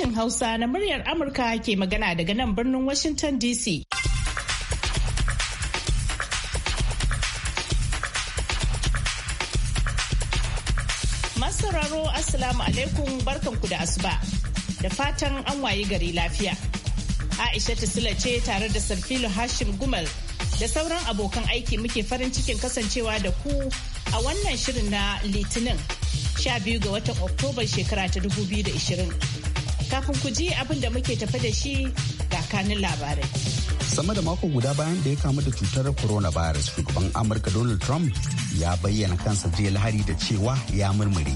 sashen Hausa na muryar Amurka ke magana daga nan birnin Washington DC. Masauraro 'asalamu alaikum barkanku da asuba. Da fatan an wayi gari lafiya. Aisha ta Sila ce tare da Sarfilu Hashim Gumal da sauran abokan aiki muke farin cikin kasancewa da ku a wannan shirin na Litinin. 12 ga watan Oktoba shekara ta 2020. Kafin ku ji abin da muke tafi da shi ga kanin labarai. Sama da mako guda bayan da ya kamu da cutar coronavirus shugaban Amurka Donald Trump ya bayyana kansa jiya lahari da cewa ya murmure.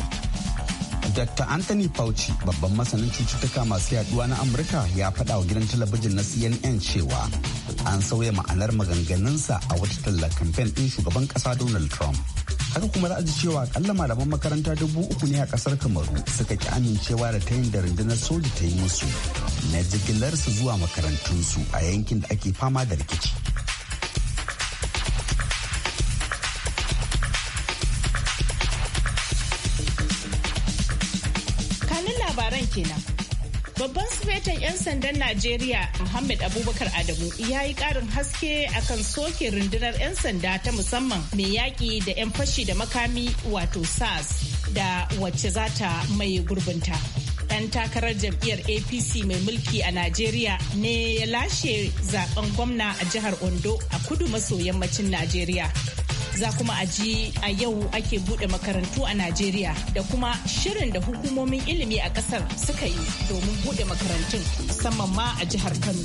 Dr. Anthony Fauci babban masanin cututtuka masu yaduwa na Amurka ya faɗa wa gidan talabijin na CNN cewa an sauya ma'anar maganganunsa a wata tallar kamfen ɗin shugaban ƙasa Donald Trump. har kuma za a ji cewa akalla malaman makaranta dubu uku ne a kasar kamaru suka ki amincewa da ta yin da rundunar soja ta yi musu na jigilar su zuwa makarantunsu a yankin da ake fama da rikici kanin labaran kenan Babban sifetan 'yan sandan Najeriya Muhammad Abubakar Adamu ya yi ƙarin haske akan soke rundunar 'yan sanda ta musamman mai yaƙi da 'yan fashi da makami wato SARS da wacce za ta mai gurbinta. Ɗan takarar jam'iyyar APC mai mulki a Najeriya ne ya lashe zaben gwamna a jihar Ondo a kudu maso yammacin Najeriya. za kuma a ji a yau ake buɗe makarantu a Najeriya da kuma shirin da hukumomin ilimi a ƙasar suka yi domin buɗe makarantun musamman ma a jihar Kano.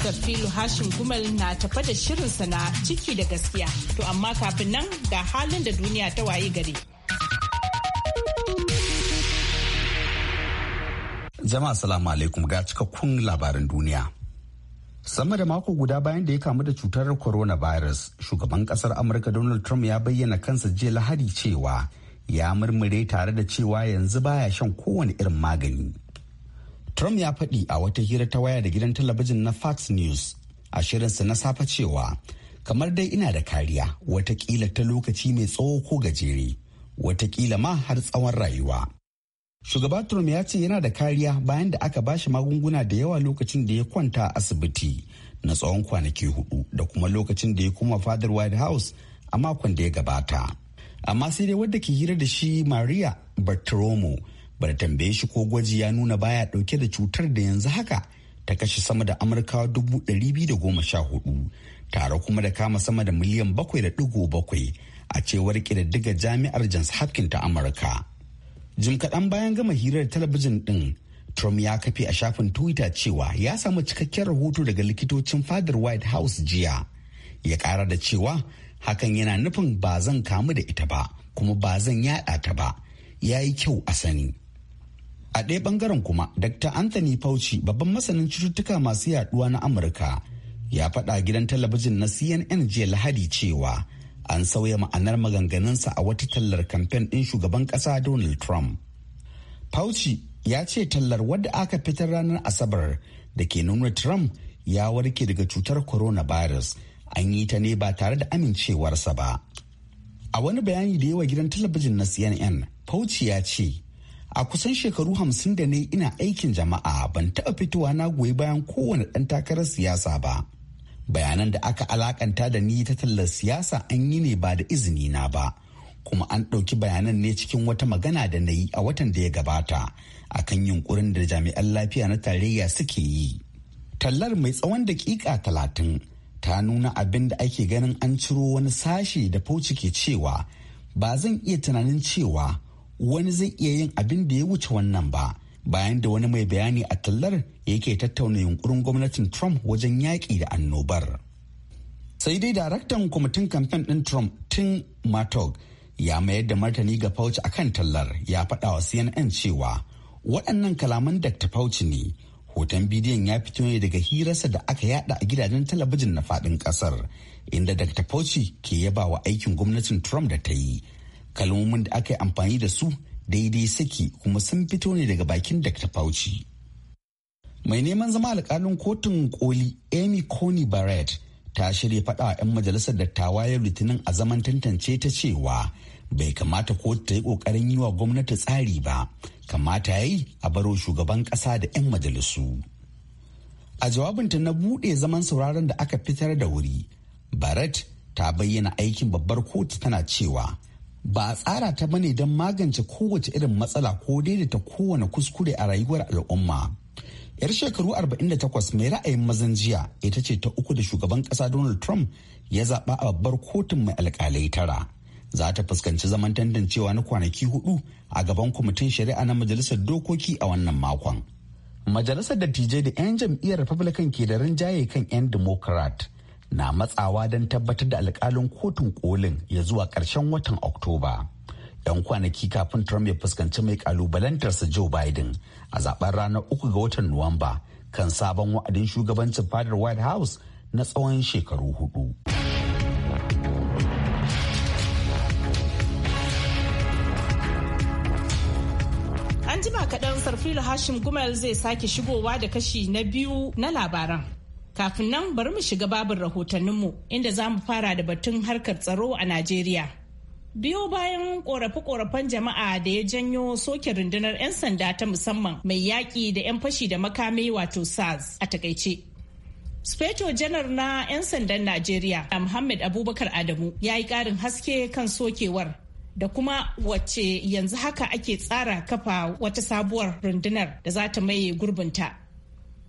Sarfilu Hashim Gumal na tafa da shirinsa na ciki da gaskiya. To amma kafin nan ga halin da duniya ta waye gari. Jama'a salamu alaikum ga cikakkun labarin duniya. sama da mako guda bayan da ya kamu da cutar coronavirus shugaban kasar amurka donald trump ya bayyana kansa jiya lahadi cewa ya murmure tare da cewa yanzu baya shan kowane irin magani trump ya faɗi a wata hira ta waya da gidan talabijin na fox news a shirinsa na safe cewa kamar dai ina da kariya watakila ta lokaci mai tsawo ko gajere watakila ma har tsawon rayuwa Shugaba Trump ya ce yana da kariya bayan da aka bashi magunguna da yawa lokacin da ya kwanta a asibiti na tsawon kwanaki hudu da kuma lokacin da ya koma fadar White House a makon da ya gabata. Amma sai dai wadda ke hira da shi Maria Bartiromo ba da tambaye shi ko gwaji ya nuna baya dauke da cutar da yanzu haka ta kashe sama da amurka dubu ɗari biyu da goma sha hudu tare kuma da kama sama da miliyan bakwai da bakwai a cewar ƙididdigar jami'ar jans Hopkins ta Amurka. jim kaɗan bayan gama hirar talabijin ɗin trump ya kafe a shafin twitter cewa ya samu cikakken rahoto daga likitocin fadar white house jiya ya kara da cewa hakan yana nufin ba zan kamu da ita ba kuma ba zan yaɗa ta ba ya yi kyau a sani a ɗaya bangaren kuma dr anthony fauci babban masanin cututtuka masu yaɗuwa na amurka ya faɗa gidan talabijin na cnn jiya lahadi cewa an sauya ma'anar maganganunsa a wata tallar kamfen ɗin shugaban ƙasa Donald Trump. Fauci ya ce tallar wadda aka fitar ranar Asabar da ke nuna Trump ya warke daga cutar coronavirus an yi ta ne ba tare da amincewarsa ba. A wani bayani da yawa gidan talabijin na CNN, Fauci ya ce, A kusan shekaru hamsin da ne ina aikin jama'a ban taɓa fitowa na goyi bayan kowane ɗan takarar siyasa ba. bayanan da aka alakanta da ni ta tallar siyasa an yi ne ba da izini na ba kuma an ɗauki bayanan ne cikin wata magana da na yi a watan da ya gabata akan yunkurin da jami'an lafiya na tarayya suke yi tallar mai tsawon daƙiƙa talatin ta nuna abin da ake ganin an ciro wani sashe da fauci ke cewa ba zan iya tunanin cewa wani zai iya yin abin da ya wuce wannan ba bayan da wani mai bayani a tallar yake tattauna yunkurin gwamnatin Trump wajen yaƙi da annobar. Sai dai daraktan kwamitin kamfen ɗin Trump Tim Matog ya mayar da martani ga Fauci akan tallar ya faɗa wa CNN cewa waɗannan kalaman Dr. Fauci ne hoton bidiyon ya fito ne daga hirarsa da aka yada a gidajen talabijin na faɗin ƙasar inda Dr. Fauci ke yaba wa aikin gwamnatin Trump da ta yi kalmomin da aka yi amfani da su daidai saki kuma sun fito ne daga bakin Dr. Fauci. Mai neman zama alkalin kotun koli Amy Coney Barrett ta shirya faɗa a 'yan majalisar dattawa ya litinin a zaman tantance ta cewa bai kamata kotu ta yi ƙoƙarin yi wa gwamnati tsari ba kamata ya yi a baro shugaban ƙasa da 'yan majalisu. A jawabinta na buɗe zaman sauraron da aka fitar da wuri, Barrett ta bayyana aikin babbar kotu tana cewa ba a tsara ta bane don magance kowace irin matsala ko daidaita kowane kuskure a rayuwar al'umma. 'Yar shekaru 48 mai ra'ayin mazan jiya ita ce ta uku da shugaban kasa Donald Trump ya zaɓa a babbar kotun mai alƙalai tara. Za ta fuskanci zaman tantancewa na kwanaki hudu a gaban kwamitin shari'a na majalisar dokoki a wannan makon. Majalisar dattijai da 'yan jam'iyyar Republican ke da rinjaye kan 'yan Democrat. na matsawa don tabbatar da alkalin kotun kolin ya zuwa ƙarshen watan oktoba don kwanaki kafin trump ya fuskanci mai kalubalantarsa joe biden a zaben ranar uku ga watan nuwamba kan sabon wa'adin shugabancin fadar white house na tsawon shekaru hudu. An jima kaɗan Sarfilu Hashim gumel zai sake shigowa da kashi na biyu na labaran. Kafin nan bari mu shiga babin rahotanninmu inda za mu fara da batun harkar tsaro a Najeriya. Biyo bayan ƙorafe korafen jama'a da ya janyo soke rundunar 'yan sanda ta musamman mai yaƙi da 'yan fashi da makami wato SARS a takaice. Speto janar na 'yan sandan Najeriya, Muhammad Abubakar Adamu, ya yi ƙarin haske kan sokewar da kuma wacce yanzu haka ake tsara kafa wata sabuwar rundunar da za ta maye gurbinta.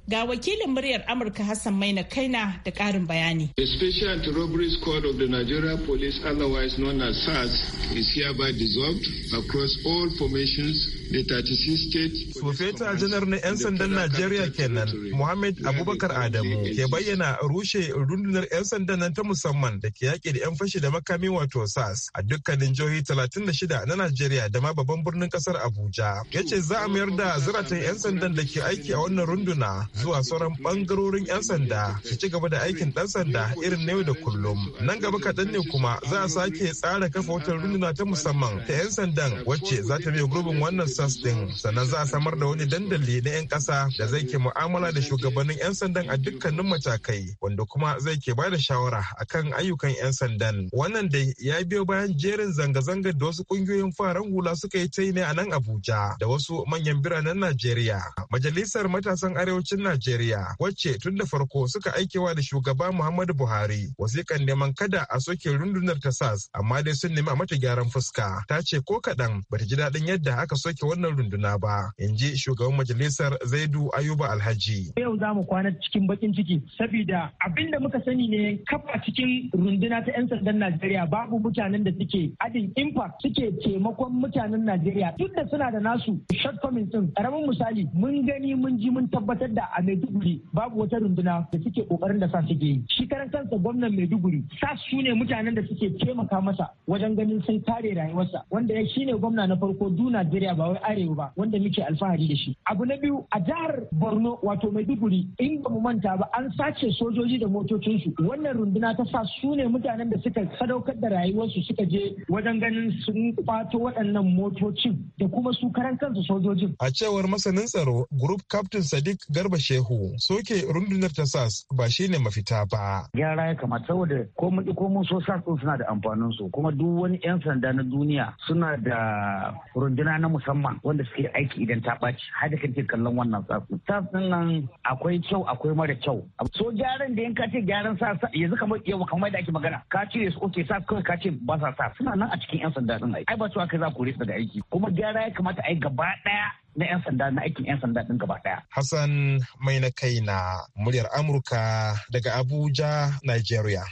Ga wakilin muryar Amurka Hassan Maina Kaina da ƙarin bayani. The Special Anti-Robbery Squad of the Nigeria Police, otherwise known as SARS, is hereby dissolved across all formations the 36 states. Sofeta janar na 'yan sandan Najeriya kenan Muhammad Abubakar Adamu ke bayyana rushe rundunar 'yan sandan nan ta musamman da ke yaƙi da 'yan fashi da makami wato SAS, a dukkanin jihohi 36 na Najeriya da ma babban birnin kasar Abuja. Ya ce za a mayar da ziratan 'yan sandan da ke aiki a wannan runduna zuwa sauran bangarorin 'yan sanda su ci gaba da aikin ɗan sanda irin na yau da kullum. Nan gaba kaɗan ne kuma za a sake tsara kafa wata runduna ta musamman ta 'yan sandan wacce za ta biya gurbin wannan sas ɗin. Sannan za a samar da wani dandali na 'yan ƙasa da zai ke mu'amala da shugabannin 'yan sandan a dukkanin matakai wanda kuma zai ke ba da shawara akan ayyukan 'yan sandan. Wannan dai ya biyo bayan jerin zanga-zangar da wasu ƙungiyoyin faran hula suka yi ta yi ne a nan Abuja da wasu manyan biranen Najeriya. Majalisar matasan arewacin Najeriya wacce tun da farko suka aikewa da shugaba Muhammadu Buhari wasiƙan neman kada a soke rundunar ta SAS amma dai sun nemi a mata gyaran fuska ta ce ko kaɗan bata ji daɗin yadda aka soke wannan runduna ba in ji shugaban majalisar Zaidu Ayuba Alhaji. Yau za mu kwana cikin bakin ciki saboda abinda muka sani ne kafa cikin runduna ta 'yan sandan Najeriya babu mutanen da suke adin impact suke taimakon mutanen Najeriya duk da suna da nasu shortcomings din karamin misali mun gani mun ji mun tabbatar da a Maiduguri babu wata runduna da suke kokarin da sa suke yi. Shi karan kansa gwamnan Maiduguri sa su ne mutanen da suke taimaka masa wajen ganin sun kare rayuwarsa wanda ya shine gwamna na farko du Najeriya ba wai arewa ba wanda muke alfahari da shi. Abu na biyu a jihar Borno wato Maiduguri in ba mu manta ba an sace sojoji da motocinsu wannan runduna ta sa su ne mutanen da suka sadaukar da rayuwarsu suka je wajen ganin sun kwato waɗannan motocin da kuma su karan kansu sojojin. A cewar masanin tsaro Group Captain Sadiq Garba Shehu soke rundunar ta SAS ba shi ne mafita ba. Gyara ya kamata saboda ko mun ko so SAS din suna da amfanin su kuma duk wani 'yan sanda na duniya suna da runduna na musamman wanda suke aiki idan ta ɓaci har da kake kallon wannan SAS. SAS din nan akwai kyau akwai mara kyau. So gyaran da yan ka gyaran SAS yanzu kamar yau kamar da ake magana ka cire su oke SAS kawai ka ce ba sa SAS suna nan a cikin 'yan sanda din ai. Ai ba cewa kai za ku da aiki kuma gyara ya kamata ai gaba ɗaya na 'yan sanda na aikin 'yan sanda ɗin gaba ɗaya. Hassan mai na kai na muryar Amurka daga Abuja, Nigeria.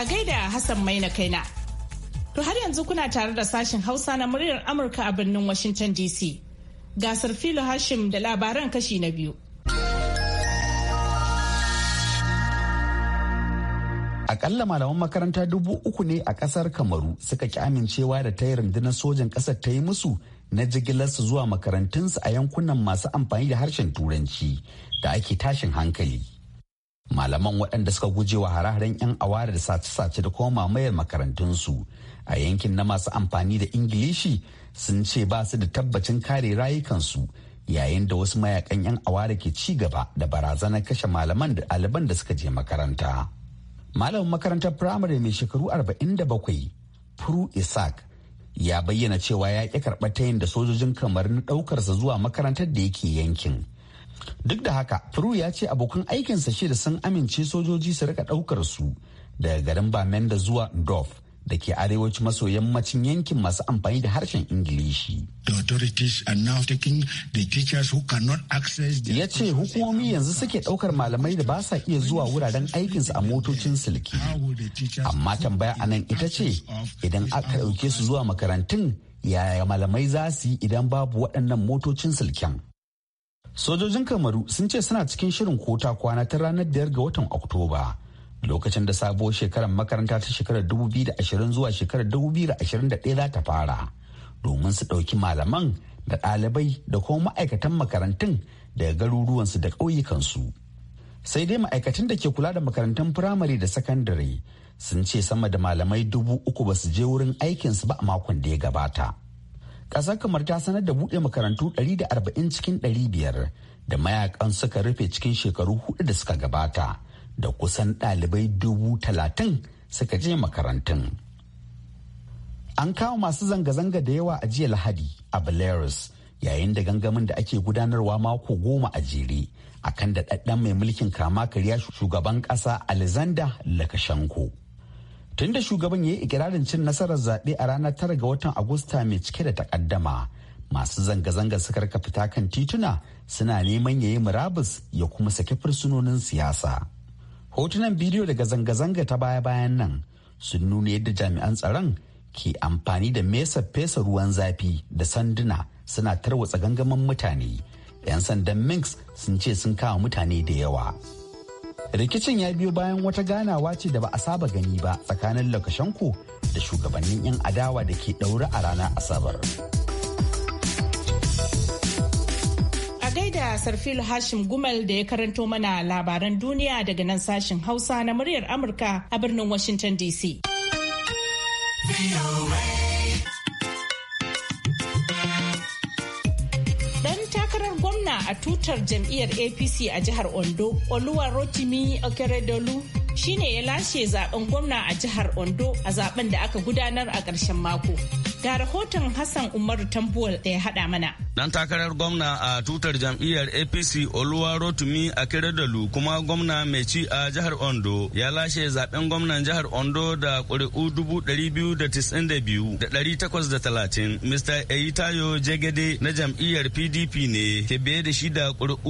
A gaida Hassan mai na kaina. To har yanzu kuna tare da sashen Hausa na muryar Amurka a birnin Washington DC. Gasar filo Hashim da labaran kashi na biyu. Akalla malaman makaranta dubu uku ne a kasar Kamaru suka ki amincewa da ta rundunar sojan kasar ta yi musu na jigilar su zuwa makarantunsu a yankunan masu amfani da harshen turanci da ake tashin hankali. Malaman waɗanda suka gujewa hare-haren 'yan awara da sace-sace da kuma mamayar makarantunsu a yankin na masu amfani da Ingilishi sun ce ba su da tabbacin kare rayukansu yayin da wasu mayakan 'yan awara ke ci gaba da barazanar kashe malaman da ɗaliban da suka je makaranta. malamin makarantar firamare mai shekaru 47 pru isaac ya bayyana cewa ya ƙi karɓar yin da sojojin kamar na ɗaukarsa zuwa makarantar da yake yankin duk da haka furu ya ce abokan aikinsa shida sun amince sojoji su rika ɗaukar su daga garin bamenda zuwa dof. da ke arewacin maso yammacin yankin masu amfani da harshen Ingilishi. Ya ce hukumomi yanzu suke ɗaukar malamai da ba sa iya zuwa wuraren aikinsu a motocin silki. Amma tambaya a nan ita ce idan aka ɗauke su zuwa makarantun yaya malamai za su yi idan babu waɗannan motocin silken. Sojojin Kamaru sun ce suna cikin shirin kota kwana ta ranar 5 ga watan Oktoba. lokacin da sabuwar shekarar makaranta ta shekarar 2020 zuwa shekarar 2021 za ta fara domin su ɗauki malaman da ɗalibai da kuma ma'aikatan makarantun daga garuruwansu da ƙauyukansu. Sai dai ma'aikatan da ke kula da makarantun firamare da sakandare sun ce sama da malamai dubu uku ba su je wurin aikinsu ba a makon da ya gabata. Ƙasar kamar ta sanar da buɗe makarantu 140 cikin 500 da mayakan suka rufe cikin shekaru hudu da suka gabata. da kusan ɗalibai dubu talatin suka je makarantun. An kawo masu zanga-zanga da yawa a jiya Lahadi a Belarus yayin da gangamin da ake gudanarwa mako goma a jere akan da ɗaɗɗan mai mulkin kama karya shugaban ƙasa Alexander Lukashenko. Tun da shugaban ya yi ikirarin cin nasarar zaɓe a ranar tara ga watan Agusta mai cike da takaddama, masu zanga-zanga suka rika fita kan tituna suna neman ya yi murabus ya kuma saki fursunonin siyasa. hotunan bidiyo daga zanga-zanga ta baya-bayan nan sun nuna yadda jami'an tsaron ke amfani da mesa fesa ruwan zafi da sanduna suna tarwatsa gangamin mutane 'yan sandan minx sun ce sun kawo mutane da yawa rikicin ya biyo bayan wata ganawa ce da ba a saba gani ba tsakanin lakashenko da shugabannin 'yan adawa da ke ɗaure a ranar asabar. A da Sarfil Hashim Gumal da ya karanto mana labaran duniya daga nan sashen Hausa na muryar Amurka a birnin Washington DC. a tutar jam'iyyar apc a jihar ondo oluwa rotimi okeredolu shine ya lashe zaben gwamna a jihar ondo a zaben da aka gudanar a ƙarshen mako Ga rahoton Hassan Umaru Tambuwal da ya haɗa mana. Dan takarar gwamna a tutar jam'iyyar APC a Akeredolu kuma gwamna mai ci a jihar Ondo ya lashe zaben gwamnan jihar Ondo da ƙuri'u 292,830. Mr. Eyitayo Jegede na jam'iyyar PDP ne ke biye da shi da ƙuri'u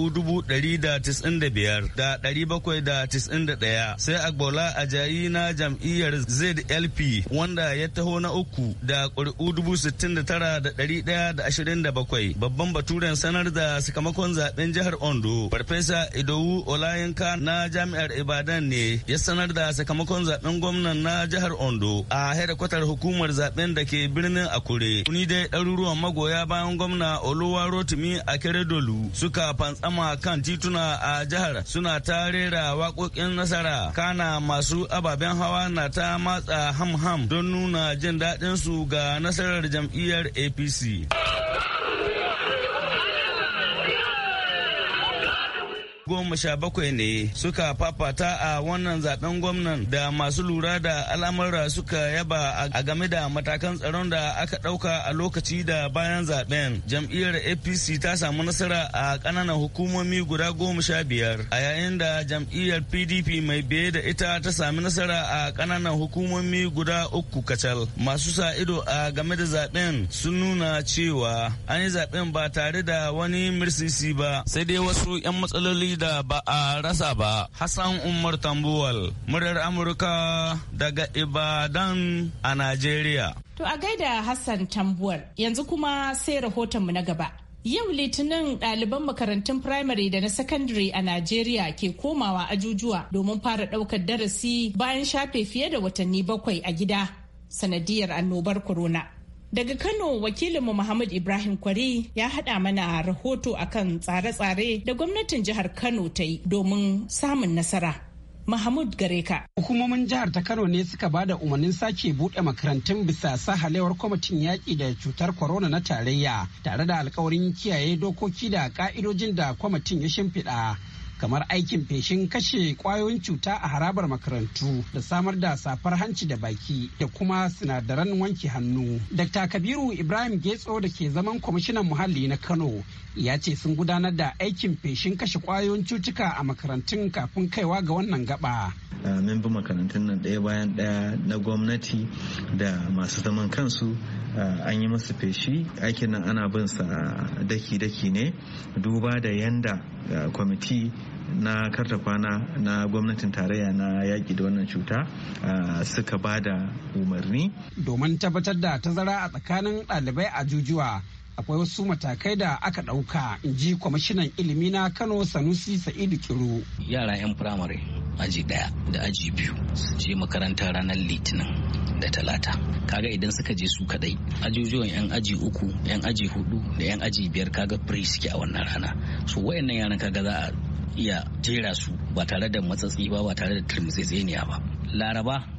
195,791 sai Agbola Ajayi na jam'iyyar ZLP wanda ya taho na uku da ƙuri'u ƙuri'u bakwai. babban baturen sanar da sakamakon zaben jihar Ondo. Farfesa Idowu Olayenka na jami'ar Ibadan ne ya sanar da sakamakon zaben gwamnan na jihar Ondo a hedakwatar hukumar zaben da ke birnin Akure. Tuni dai ɗaruruwan magoya bayan gwamna Oluwa Rotimi keredolu suka fantsama kan tituna a jihar suna ta rera waƙoƙin nasara. Kana masu ababen hawa na ta matsa ham-ham don nuna jin daɗinsu ga nasara. nasarar jam'iyyar apc goma sha bakwai ne suka fafata a wannan zaben gwamnan da masu lura da al'amura suka yaba a game da matakan tsaron da aka ɗauka a lokaci da bayan zaben jam'iyyar apc ta samu nasara a ƙananan hukumomi guda goma sha biyar a yayin da jam'iyyar pdp mai biye da ita ta sami nasara a kananan hukumomi guda uku kacal masu sa ido a game da zaben sun nuna cewa an yi zaben ba tare da wani mirsisi ba sai dai wasu 'yan matsaloli da ba a rasa ba. Hassan Umar Tambuwal, muryar Amurka daga Ibadan a Najeriya. To a gaida Hassan Tambuwal, yanzu kuma sai rahotonmu na gaba. Yau Litinin ɗaliban makarantun Primary da na Secondary a Najeriya ke komawa ajujuwa domin fara ɗaukar darasi bayan shafe fiye da watanni bakwai a gida sanadiyar annobar corona. Daga Kano wakilinmu Muhammad Ibrahim Kwari ya haɗa mana rahoto akan tsare-tsare da gwamnatin jihar Kano ta yi domin samun nasara. Mahmud Gareka. Hukumomin jihar ta Kano ne suka ba da umarnin sake buɗe makarantun bisa sahalewar kwamitin yaƙi da cutar korona na tarayya tare da alkawarin kiyaye dokoki da ƙa'idojin da kwamitin ya shimfiɗa. kamar aikin feshin kashe kwayoyin cuta a harabar makarantu da samar da safar hanci da baki da kuma sinadaran wanki hannu. Dr. Kabiru Ibrahim Getso da ke zaman kwamishinan muhalli na Kano ya ce sun gudanar da aikin feshin kashe kwayoyin cutuka a makarantun kafin kaiwa ga wannan gaba. Membin makarantun nan ɗaya bayan ɗaya na gwamnati da masu zaman kansu Ah, an yi masu feshi aikin nan ana bin sa daki-daki ne duba da yanda ah, kwamiti na karta kwana na gwamnatin tarayya na yaƙi da wannan cuta ah, suka ba da umarni. Domin tabbatar da tazara a tsakanin ɗalibai a jujuwa akwai wasu matakai da aka ɗauka in ji kwamishinan ilimi na Kano Sanusi Sa'idu Kiro. Yara 'yan firamare aji daya da aji biyu su je makaranta ranar litinin da talata kaga idan suka je su kadai ajujuwan yan aji uku yan aji hudu da yan aji biyar kaga free suke a wannan rana so wayannan yaran kaga za a iya jera su ba tare da matsatsi ba ba tare da tseniya ba laraba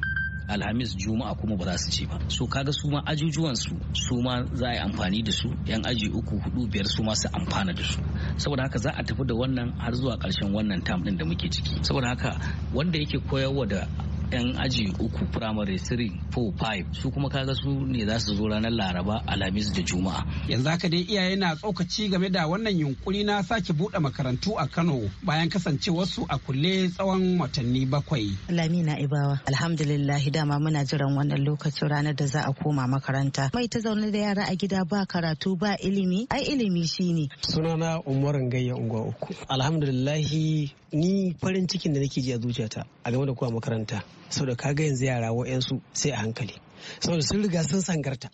alhamis juma'a kuma ba za su ci ba so kaga su ma ajujuwan su suma za a yi amfani da su yan aji uku hudu biyar su ma su amfana da su saboda haka za a tafi da wannan har zuwa karshen wannan tam din da muke ciki saboda haka wanda yake koyarwa da 'yan aji uku primary 3 4 5 su kuma kaga su ne za su zo ranar laraba alhamis da juma'a yanzu haka dai iyaye na tsokaci game da wannan yunkuri na sake buɗe makarantu a kano bayan kasancewar su a kulle tsawon watanni bakwai lamina ibawa alhamdulillah dama muna jiran wannan lokacin ranar da za a koma makaranta mai ta zaune da yara a gida ba karatu ba ilimi ai ilimi shine sunana umarin gayya unguwa uku alhamdulillahi ni farin cikin da nake ji a zuciyata a game da kowa makaranta saboda kaga yanzu yara wa'yansu sai a hankali saboda sun riga sun sangarta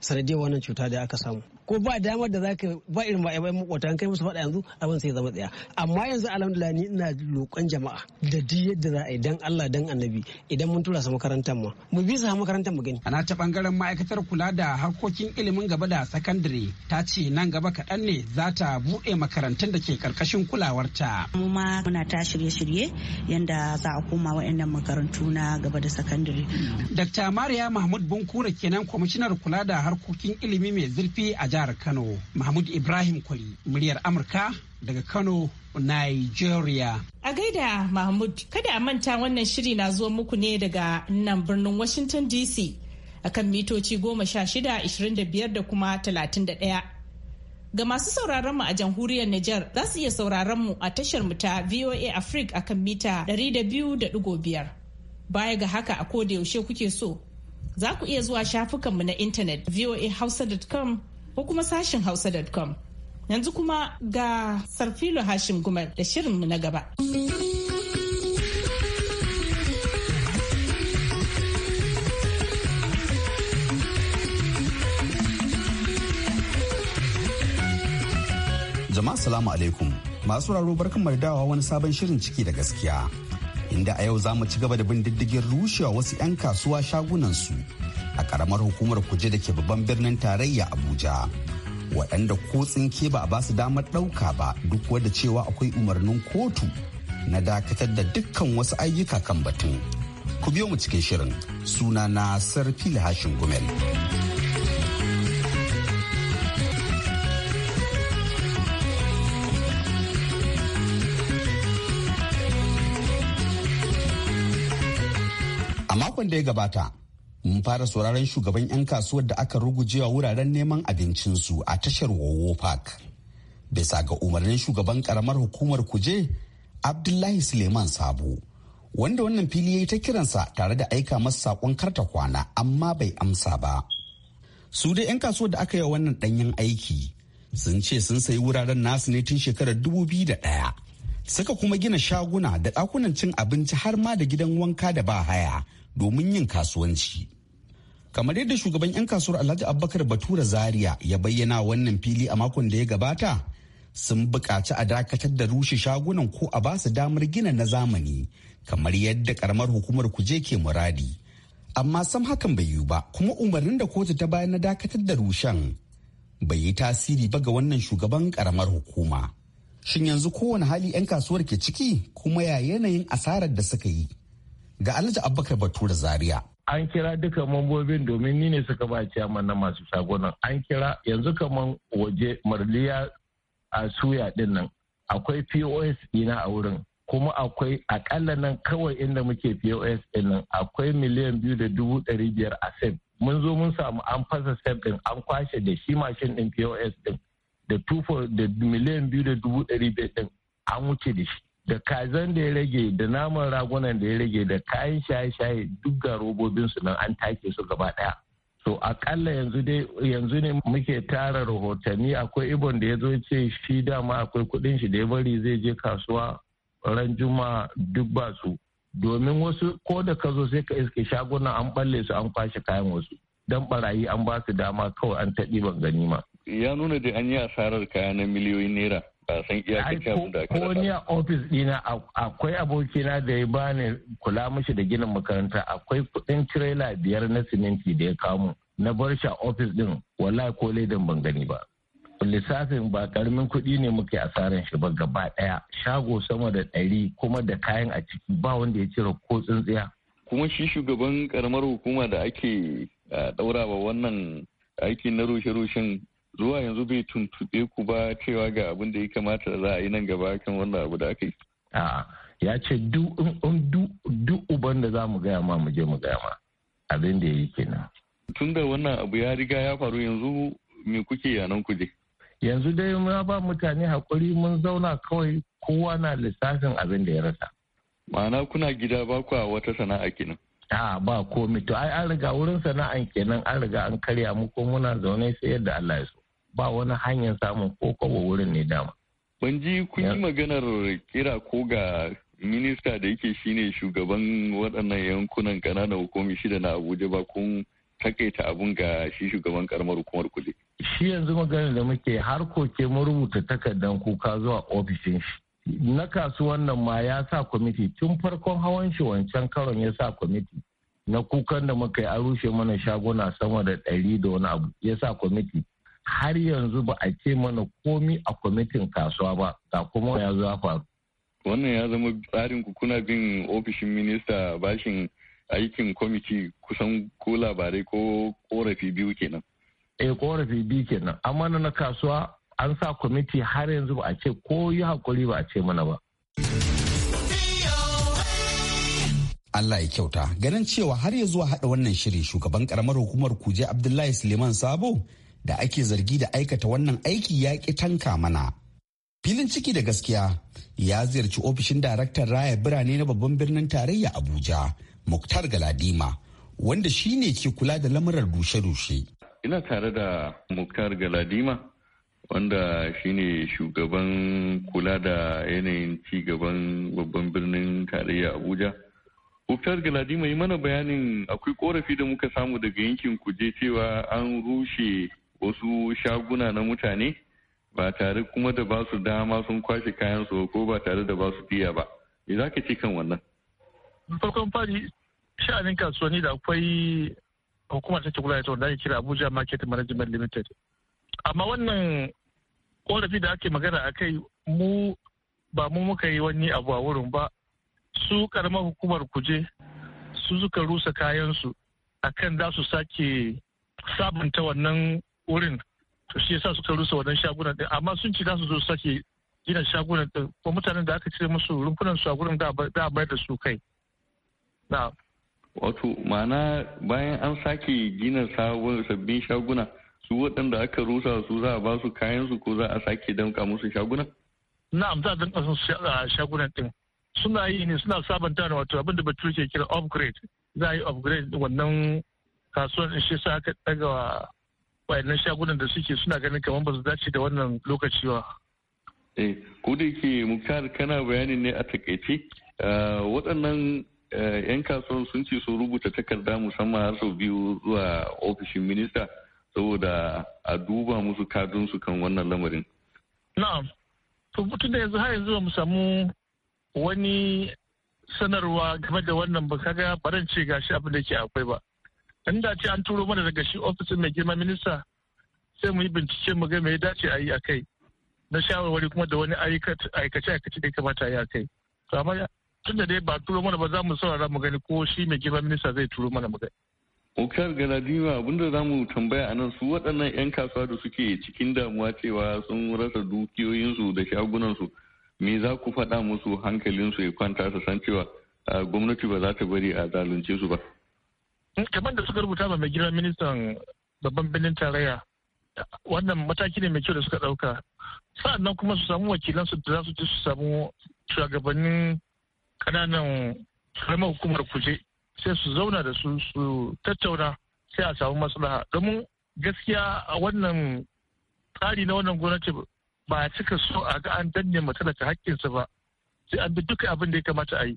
sanadiyar wannan cuta da aka samu ko ba damar da zaka ba irin ba ai makwata kai musu faɗa yanzu abin sai zama tsaya amma yanzu alhamdulillah ni ina roƙon jama'a da duk yadda za a yi dan Allah dan Annabi idan mun tura su makarantar mu mu bi su makarantar mu gani ana ta bangaren ma'aikatar kula da harkokin ilimin gaba da sakandare ta ce nan gaba kaɗan ne za ta buɗe makarantun da ke karkashin kulawarta mu ma muna ta shirye-shirye yanda za a koma wa'annan makarantu na gaba da sakandare Dr. Mariya Mahmud Bunkura kenan kwamishinar kula da harkokin ilimi mai zurfi a jihar Kano. Mahmud Ibrahim Kwari, muryar Amurka daga Kano, Nigeria. A gaida Mahmud, kada a manta wannan shiri na zuwa muku ne daga nan birnin Washington DC akan mitoci goma sha shida, ishirin da kuma talatin da ɗaya. Ga masu sauraron mu a jamhuriyar Nijar za su iya sauraron mu a tashar mu ta VOA Africa akan mita 200.5. Baya ga haka a koda yaushe kuke so za ku iya zuwa shafukanmu na intanet voahausa.com ko kuma sashin hausa.com. Yanzu kuma ga Sarfilo Hashim Gumar da shirinmu na gaba. Jama'a salamu alaikum. Masu raro barkan Mardawa wani sabon shirin ciki da gaskiya. inda a yau za mu ci gaba da bin diddigin rushewa wasu 'yan kasuwa shagunansu a karamar hukumar kuje da ke babban birnin tarayya abuja waɗanda ko tsinke ba a ba su damar ɗauka ba duk wadda cewa akwai umarnin kotu na dakatar da dukkan wasu ayyuka kan batun ku biyo mu cikin shirin suna na sarfil hashin gumel. makon da ya gabata mun fara sauraron shugaban 'yan kasuwar da aka rugujewa wuraren neman abincinsu a tashar wowo park bisa ga umarnin shugaban karamar hukumar kuje abdullahi suleiman sabo wanda wannan fili ya yi ta kiransa tare da aika masa saƙon karta kwana amma bai amsa ba su dai 'yan kasuwar da aka yi wannan ɗanyen aiki sun ce sun sayi wuraren nasu ne tun shekarar dubu biyu da 2001 suka kuma gina shaguna da ɗakunan cin abinci har ma da gidan wanka da ba haya domin yin kasuwanci. Kamar yadda shugaban 'yan kasuwar Alhaji Abubakar Batura Zaria ya bayyana wannan fili a makon da ya gabata, sun buƙaci a dakatar da rushe shagunan ko a ba su damar gina na zamani kamar yadda karamar hukumar kuje ke muradi. Amma sam hakan bai yiwu ba kuma umarnin da kotu ta bayar na dakatar da rushen bai yi tasiri ba ga wannan shugaban karamar hukuma. Shin yanzu kowane hali 'yan kasuwar ke ciki kuma ya yanayin asarar da suka yi ga alhaji abubakar batura zaria an kira duka mambobin domin ni ne suka ba ciyaman na masu shagunan an kira yanzu kaman waje marliya a suya din nan akwai pos ina a wurin kuma akwai akalla nan kawai inda muke pos din nan akwai miliyan biyu da dubu ɗari biyar a sef mun zo mun samu an fasa sef din an kwashe da shi mashin din pos din da da miliyan biyu da dubu ɗari biyar din an wuce da shi da kazan da ya rage da naman ragunan da ya rage da kayan shaye-shaye duk ga robobinsu nan an take su gaba daya to akalla yanzu ne muke tara rahotanni akwai ibon da ya zo ce shi dama akwai kudin shi da ya bari zai je kasuwa ran juma duk ba su domin wasu ko da ka zo sai ka iske shagunan an balle su an kwashe kayan wasu dan barayi an ba su dama kawai an taɗi ban ganima ya nuna da an yi asarar kaya na miliyoyin naira san ko ni a ofis dina akwai abokina da ya bani kula mashi da ginin makaranta akwai kudin tirela biyar na siminti da ya kamu na bar shi a ofis din wala ko ledin ban gani ba lissafin ba karamin kuɗi ne muke asaran shi ba gaba ɗaya shago sama da ɗari kuma da kayan a ciki ba wanda ya cire ko tsintsiya kuma shi shugaban karamar hukuma da ake ba wannan aikin na rushe-rushen zuwa yanzu bai tuntuɓe ku ba cewa ga abin da ya kamata za a yi nan gaba kan wannan abu da aka yi? A'a ya ce duk uban da za mu gaya ma mu je mu gaya ma abin da ya yi kenan. Tun da wannan abu ya riga ya faru yanzu me kuke yanan ku je? Yanzu dai muna ba mutane haƙuri mun zauna kawai kowa na lissafin abin da ya rasa. Ma'ana kuna gida ba ku a wata sana'a kenan. a ba komi to ai an riga wurin sana'an kenan an riga an karya mu ko muna zaune sai yadda Allah ya so ba wani hanyar samun ko kowa wurin ne dama. Ban ji kun yi maganar kira ko ga minista da yake shine shugaban waɗannan yankunan ƙananan hukumi shida na Abuja ba kun takaita abun ga shi shugaban karamar hukumar kuje. Shi yanzu maganar da muke har koke mu rubuta takardar kuka zuwa ofishin shi. Na kasuwan nan ma ya sa kwamiti tun farkon hawan shi wancan karon ya sa kwamiti. Na kukan da muka yi a rushe mana shaguna sama da ɗari da wani abu ya sa kwamiti. har yanzu ba a ce mana komi a kwamitin kasuwa ba ga kuma ya zuwa faru. Wannan ya zama tsarin ku kuna bin ofishin minista bashin aikin kwamiti kusan ko labarai ko korafi biyu kenan. Eh korafi biyu kenan amma na kasuwa an sa kwamiti har yanzu ba a ce ko yi hakuri ba a ce mana ba. Allah ya kyauta ganin cewa har ya zuwa haɗa wannan shirin shugaban karamar hukumar kuje Abdullahi Suleiman Sabo da ake zargi da aikata wannan aiki ya ki tanka mana. Filin ciki da gaskiya ya ziyarci ofishin daraktan raya birane na babban birnin tarayya Abuja, Muktar Galadima, wanda shi ne ke kula da lamurar rushe-rushe. Ina tare da Muktar Galadima, wanda shi ne shugaban kula da yanayin ci babban birnin tarayya Abuja. Muktar Galadima yi mana bayanin akwai korafi da muka samu daga yankin kuje cewa an rushe wasu shaguna na mutane ba tare kuma da ba su dama sun kwashe kayan su ko ba tare da ba su biya ba me za ka ce kan wannan farkon fari sha'anin kasuwanni da akwai hukumar ta kula da wanda ake kira abuja market management limited amma wannan korafi da ake magana a kai mu ba mu muka yi wani abu a wurin ba su karamar hukumar kuje su suka rusa kayan su akan za su sake sabunta wannan wurin to shi yasa suka rusa wannan shagunan din amma sun ci za su zo sake gina shagunan din ko mutanen da aka cire musu rumfunan su a gurin da a bayar da su kai na wato ma'ana bayan an sake gina sabbin shaguna su waɗanda aka rusa su za a ba su kayan su ko za a sake damka musu shaguna na'am za a danka su shagunan din suna yi ne suna sabanta da wato abin da bature ke kira upgrade za a yi upgrade wannan kasuwar shi sa aka ɗaga wayannan shagunan da suke suna ganin kamar ba su dace da wannan lokaci ba. Eh, ko da yake mukar kana bayani ne a takaice eh, waɗannan 'yan eh, kasuwan sun ce su rubuta takarda musamman har sau biyu zuwa ofishin minista saboda a duba musu su kan wannan lamarin. Na'am, to mutum da yanzu har yanzu mu samu wani sanarwa game da wannan ba kaga baran ce gashi abin da ke akwai ba. inda ce an turo mana daga shi ofisin mai girma minista sai mu yi bincike mu ga me ya dace a yi a kai na shawarwari kuma da wani aikace aikace da kamata a yi a kai to amma tun da dai ba turo mana ba za mu saurara mu gani ko shi mai girma minista zai turo mana mu gani Okar Galadima abinda za mu tambaya a nan su waɗannan 'yan kasuwa da suke cikin damuwa cewa sun rasa dukiyoyinsu da shagunansu me za ku faɗa musu hankalinsu ya kwanta su san cewa gwamnati ba za ta bari a zalunce su ba. kamar da suka rubuta ba mai girma ministan babban birnin tarayya wannan mataki ne mai kyau da suka ɗauka nan kuma su samu wakilansu da za su ci su samu shugabannin kananan karamar hukumar kuje sai su zauna da su su tattauna sai a samu maslaha domin gaskiya a wannan tsari na wannan gwamnati ba a cika so a ga an danne ta hakkinsa ba sai an bi duka abin da ya kamata a yi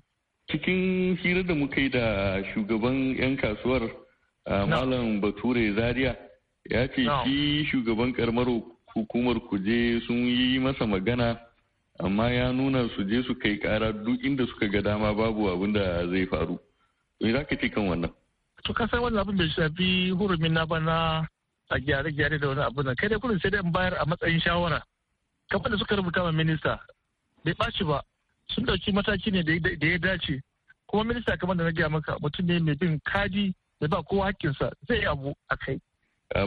Cikin hira da muka yi da shugaban 'yan kasuwar Malam Bature Zaria ya ce shi shugaban karamar hukumar kuje sun yi masa magana amma ya nuna su je su kai kara duk inda suka ga dama babu abin da zai faru. Me za ka ce kan wannan? To ka wani abin bai shafi hurumin na bana a gyare-gyare da wani abin nan. Kai dai kudin sai dai bayar a matsayin shawara. Kamar da suka rubuta wa minista bai ɓaci ba sun dauki mataki ne da ya dace kuma minista kamar da na gaya maka mutum ne mai bin kadi da ba kowa hakkinsa zai yi abu a kai.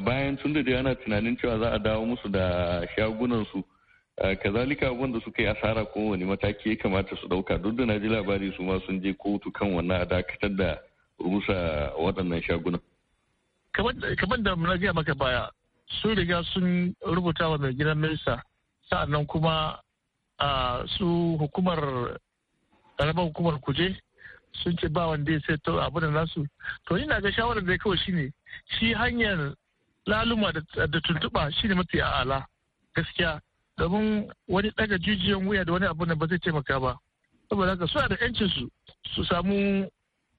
bayan tun da ana tunanin cewa za a dawo musu da shagunansu kazalika abin da suka yi asara ko wani mataki ya kamata su ɗauka duk da na ji labari su ma sun je kotu kan wannan a dakatar da rusa waɗannan shagunan. kamar da na gaya maka baya sun riga sun rubuta wa mai gidan minista sa'annan kuma su hukumar karama hukumar kuje sun ce ba wanda ya sai abu da nasu to na ga shawarar da kawai shine shi hanyar laluma da tuntuɓa shine mafi a'ala gaskiya domin wani daga jijiyan wuya da wani abu da ba zai taimaka ba saboda haka suna da yancin su su samu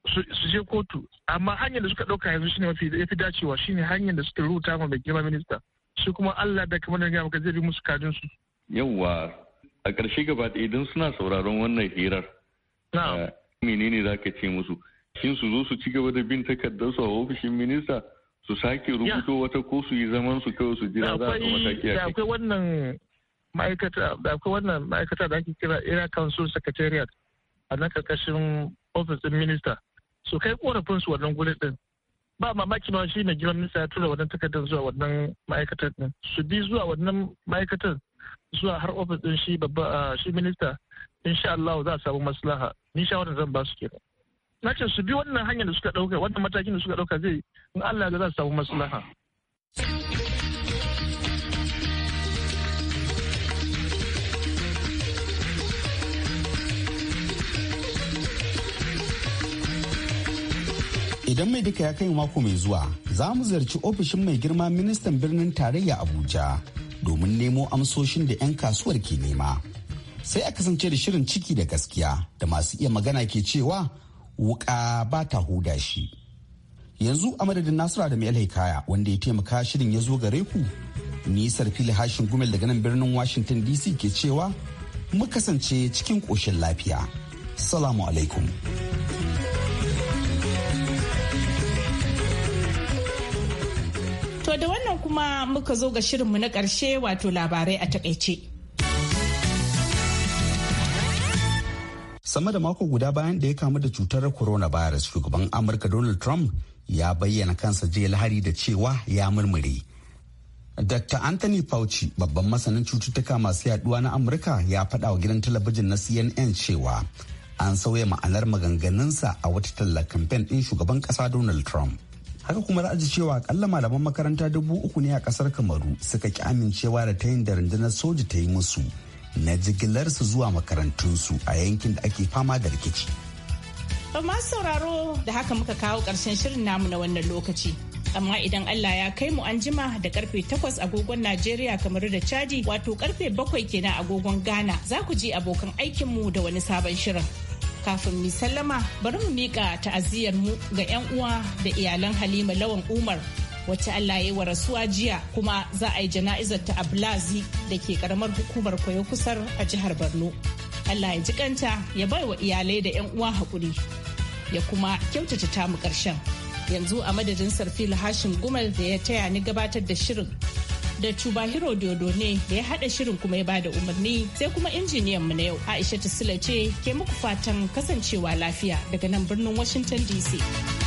su je kotu amma hanyar da suka ɗauka yanzu shine mafi yafi dacewa shine hanyar da suka rubuta ma mai girma minista shi kuma Allah da kamar da maka zai bi musu kadin su yawwa a ƙarshe gaba idan suna sauraron wannan hirar eh, menene za ka ce musu shin su zo su ci gaba da bin takardar su a ofishin minista su sake rubuto wata ko su yi zaman su kawai su jira za su mataki a akwai wannan ma'aikata da akwai wannan ma'aikata da ake kira area council secretariat a nan karkashin ofis din minista su kai korafin su wannan gurin din ba mamaki ma shi mai girman minista ya tura wannan takardar zuwa wannan ma'aikatar din su bi zuwa wannan ma'aikatar zuwa har ofis din shi babba shi minista insha Allah za a samu maslaha ni wannan zan ba su kenan na ce su bi wannan hanyar da suka dauka wannan matakin da suka dauka zai in Allah ga za su samu maslaha idan mai duka ya kai mako mai zuwa za mu ziyarci ofishin mai girma ministan birnin tarayya abuja domin nemo amsoshin da 'yan kasuwar ke nema. Sai a kasance da shirin ciki da gaskiya da masu iya magana ke cewa wuka ba ta huda shi. Yanzu a madadin Nasura da mai kaya wanda ya taimaka shirin ya zo gare ku. Nisar fili hashin gumel daga nan birnin Washington DC ke cewa mu kasance cikin ƙoshin lafiya. Salamu alaikum. To da wannan kuma muka zo ga shirinmu na ƙarshe wato labarai a takaice. Sama da mako guda bayan da ya kamu da cutar coronavirus shugaban Amurka Donald Trump ya bayyana kansa jiya lahari da cewa ya murmure. Dr. Anthony Fauci babban masanin cututtuka masu yaduwa na Amurka ya faɗa wa gidan talabijin na CNN cewa an sauya ma'anar maganganunsa a wata tallar kamfen ɗin shugaban ƙasa Donald Trump. haka kuma za ji cewa akalla malaman makaranta dubu uku ne a kasar kamaru suka ki amincewa da ta yin da rundunar soja ta yi musu na jigilar su zuwa makarantunsu a yankin da ake fama da rikici. masu sauraro da haka muka kawo ƙarshen shirin namu na wannan lokaci. Amma idan Allah ya kai mu an jima da karfe 8 agogon Najeriya kamar da Chadi wato karfe 7 kenan agogon Ghana za ku ji abokan aikinmu da wani sabon shirin. kafin mu sallama bari mu miƙa ta'aziyar mu ga 'yan uwa da iyalan halima lawan umar wacce allah ya yi wa rasuwa jiya kuma za a yi jana'izar ta ablazi da ke karamar hukumar kwayo kusar a jihar borno allah ya jikanta ya bai wa iyalai da 'yan uwa hakuri ya kuma kyautata mu ƙarshen yanzu a madadin sarfil hashim gumal da ya taya ni gabatar da shirin da tubahiro Dodo ne da ya haɗa shirin kuma ya bada umarni sai kuma injiniyan mu na yau Aisha Sule ce ke muku fatan kasancewa lafiya daga nan birnin Washington DC.